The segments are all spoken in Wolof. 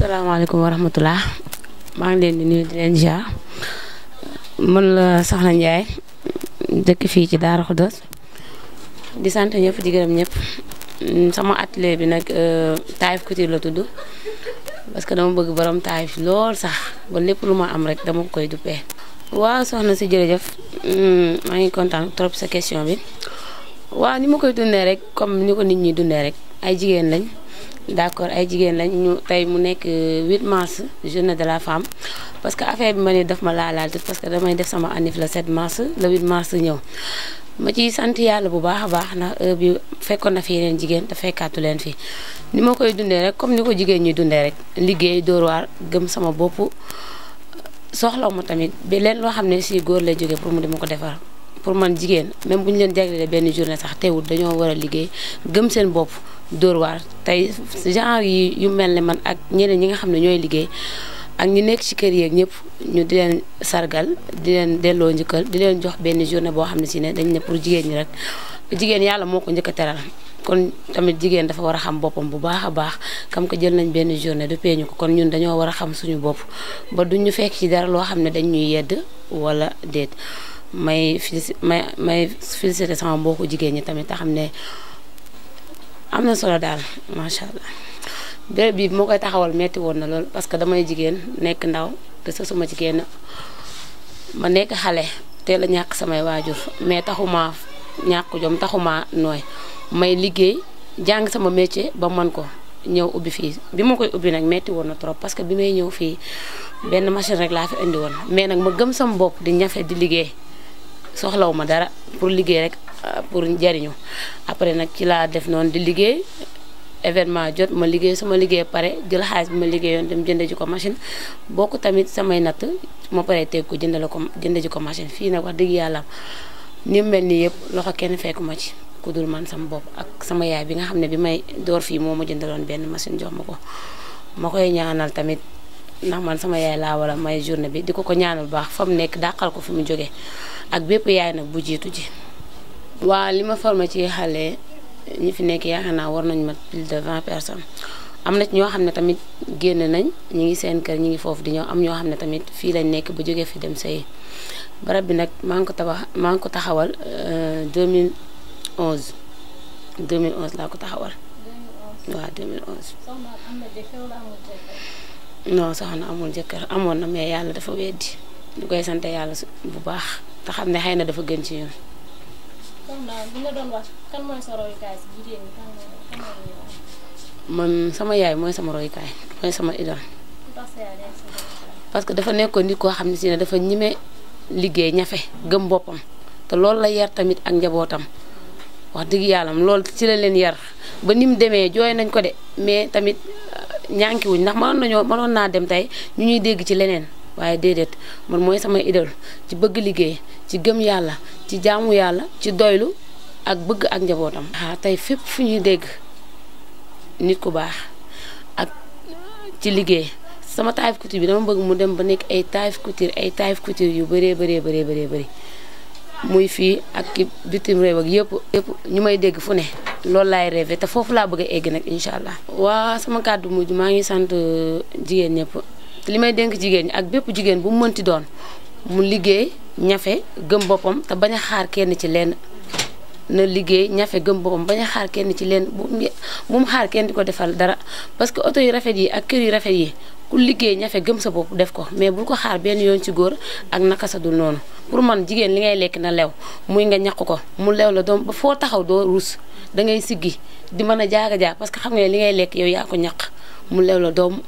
salaamaaleykum wa rahmatulah maa ngi leen di nuyu di leen jaar man la Soxna Ndiaye dëkk fii ci Daara Khoudoss di sant ñëpp di gërëm ñëpp sama atelier bi nag euh, Taïf Couture la tudd parce que dama bëgg borom Taïf lool sax ba lépp lu ma am rek dama koy duppee. waaw soxna si jërëjëf hmm, maa ngi kontaan trop sa question bi waaw ni ma koy dundee rek comme ni ko nit ñi dundee rek ay jigéen lañ. d'accord ay jigéen lañ ñu tey mu nekk euh, huit mars journée de la femme parce que affaire bi ma ne daf ma laalaal tout parce que damay def sama annif le 7 mars le 8 mars ñëw ma ci sant yàlla bu baax a baax na bi fekkoon na fi yeneen jigéen te fekkaatu leen fii ni ma koy dundee rek comme ni ko jigéen ñuy dundee rek liggéey dóor waar gëm sama bopp soxlaw ma tamit bi leen loo xam ne si góor lay jóge pour mu di ma ko defar pour man jigéen même bu ñu leen jaglelee benn journée sax teewul dañoo war a liggéey gëm seen bopp dóor waar tey genre yi yu mel ne man ak ñeneen ñi nga xam ne ñooy liggéey ak ñu nekk ci kër yeeg ñëpp ñu di leen sargal di leen delloo njëkkal di leen jox benn journée boo xam ne si ne dañ ne pour jigéen ñi rek jigéen yàlla moo ko njëkk teral kon tamit jigéen dafa war a xam boppam bu baax a baax kam ko jël nañ benn journée du ñu ko kon ñun dañoo war a xam suñu bopp ba du ñu fekk ci dara loo xam ne dañ ñuy yedd wala déet may may may félicité sama mbokku jigéen ñi tamit te xam ne am na solo daal macha allah béréb bi moo koy taxawal metti woon na lool parce que damay jigéen nekk ndaw te sa suma jigéen ma nekk xale teel la ñàkk samay waajur mais taxumaa ñàkk jom taxumaa nooy may liggéey jàng sama métier ba man ko ñëw ubbi fii bi ma koy ubbi nag metti woon na trop parce que bi may ñëw fii benn machine rek laa fi indi woon mais nag ma gëm sama bopp di ñafe di liggéey soxlawu ma dara pour liggéey rek euh, pour jariñu après nag ci laa def noonu di liggéey événement jot ma liggéey su ma liggéey pare jël xaalis bi ma liggéeyoon dem jënd ji ko machine bokk tamit samay natt ma pare teg ko jëndale ko jënd ji ko machine fii nag wax dëgg yàlla ni mel nii yëpp loxo kenn fekku ma ci ku dul man sama bopp ak sama yaay bi nga xam ne bi may door fii moo ma jëndaloon benn machine jox ma ko ma koy ñaanal tamit. ndax man sama yaay laa war a may journée bi di ko ko ñaanal bu baax fa mu nekk dàqal ko fi mu jóge ak bépp yaay nag bu jiitu ji. waaw li ma formé ci xale ñu fi nekk yaakaar naa war nañu ma plus de am na ci ñoo xam ne tamit génn nañ ñi ngi seen kër ñi ngi foofu di ñëw am ñoo xam ne tamit fii lañ nekk bu jógee fi dem sëy barab bi nag maa ngi ko tabax maa ngi ko taxawal 2011 euh, 2011 laa ko taxawal. waa non soxna amul jëkkër amoon na mais yàlla dafa weddi ñu koy sant yàlla bu baax te xam ne xëy na dafa gën ci ñun. man sama yaay mooy sama royukaay mooy sama idol parce que dafa nekkoon nit koo xam ne si ne dafa ñime liggéey ñafe gëm boppam te loolu la yar tamit ak njabootam wax dëgg yàlla loolu ci la leen yar ba ni demee jooy nañ ko de mais tamit. ñànkiwuñ ndax mënoon nañoo mënoon naa dem tey ñu ñuy dégg ci leneen waaye déedéet man mooy sama idol ci bëgg liggéey ci gëm yàlla ci jaamu yàlla ci doylu ak bëgg ak njabootam. ah tey fépp fu ñuy dégg nit ku baax ak ci liggéey sama taayif couture bi dama bëgg mu dem ba nekk ay taayif couture ay taayif couture yu bëree bëree bëree bëree bëri. muy fii ak bitim réew ak yëpp ñu may dégg fu ne loolu laay rêvé te foofu laa bëgg a egg nag incha allah. waa sama kàddu mujj maa ngi sant euh, jigéen ñëpp te li may dénk jigéen ñi ak bépp jigéen bu mu mënti doon mu liggéey ñafe gëm boppam te bañ a xaar kenn ci lenn na liggéey ñafe gëm boppam bañ a xaar kenn ci lenn bu mu xaar kenn di ko defal dara parce que oto yu rafet yi ak kër yu rafet yi ku liggéey ñafe gëm sa bopp def ko mais bul ko xaar benn yoon ci góor ak naqasadu sa noonu pour man jigéen li ngay lekk na lew muy nga ñaq ko mu lew la doom ba foo taxaw doo rus da ngay siggi di mën a jaaga jaa parce que xam nga li ngay lekk yow yaa ñaq mu lew la doom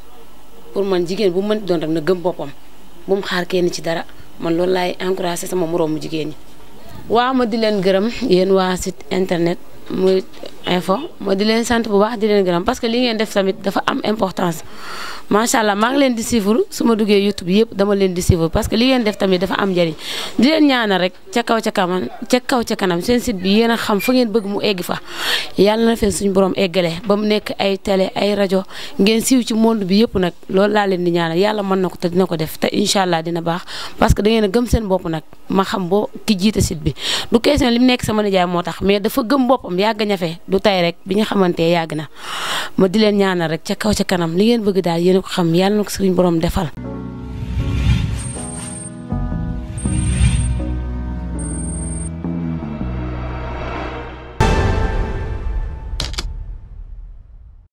pour man jigéen bu mën doon rek na gëm boppam bu xaar kenn ci dara man loolu laay encouragé sama moroomu jigéen ñi. waaw ma di leen gërëm yéen waa sit internet muy info ma di leen sant bu baax di leen gërëm parce que li ngeen def tamit dafa am importance macha allah maa ngi len di suivre suma ma YouTube yëpp dama len di suivre parce que li ngeen def tamit dafa am jari di len ñaanal rek ci kaw ca kanam ci kaw ci kanam seen site bi yeena xam fa ngeen bëgg mu egg fa yalla na feen suñu borom eggalé ba mu nekk ay télé ay radio ngeen siiw ci monde bi yëpp nak lool la len di ñaanal yalla man nako te dina ko def te inshallah allah dina bax parce que da ngeen gëm seen bop nak ma xam bo ki jité site bi du question lim nekk sama nijaay moo tax mais dafa gëm boppam yàgg ñafe du tay rek bi nga xamante yàgg na ma di len ñaanal rek ci kaw ci kanam li ngeen bëgg daal yéen ko xam yàlla nako serigne borom defal.